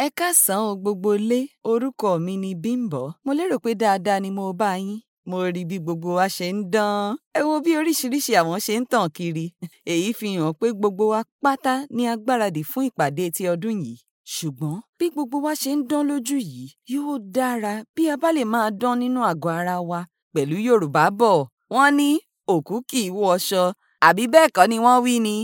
ẹ káàsán o gbogbo ilé orúkọ mi ni Bímbọ́ mo lérò pé dáadáa ni mo bá yín mo rí bí gbogbo wa ṣe ń dán ẹ wo bí oríṣiríṣi àwọn ṣe ń tàn kiri èyí fi hàn pé gbogbo wa pátá ni a gbáradì fún ìpàdé ti ọdún yìí ṣùgbọ́n bí gbogbo wa ṣe ń dán lójú yìí yóò dára bí a bá lè máa dán nínú àgọ́ ara wa pẹ̀lú Yorùbá bọ̀ wọ́n ní òkú kì í wọṣọ àbí bẹ́ẹ̀ kọ́ ni wọ́n wí ni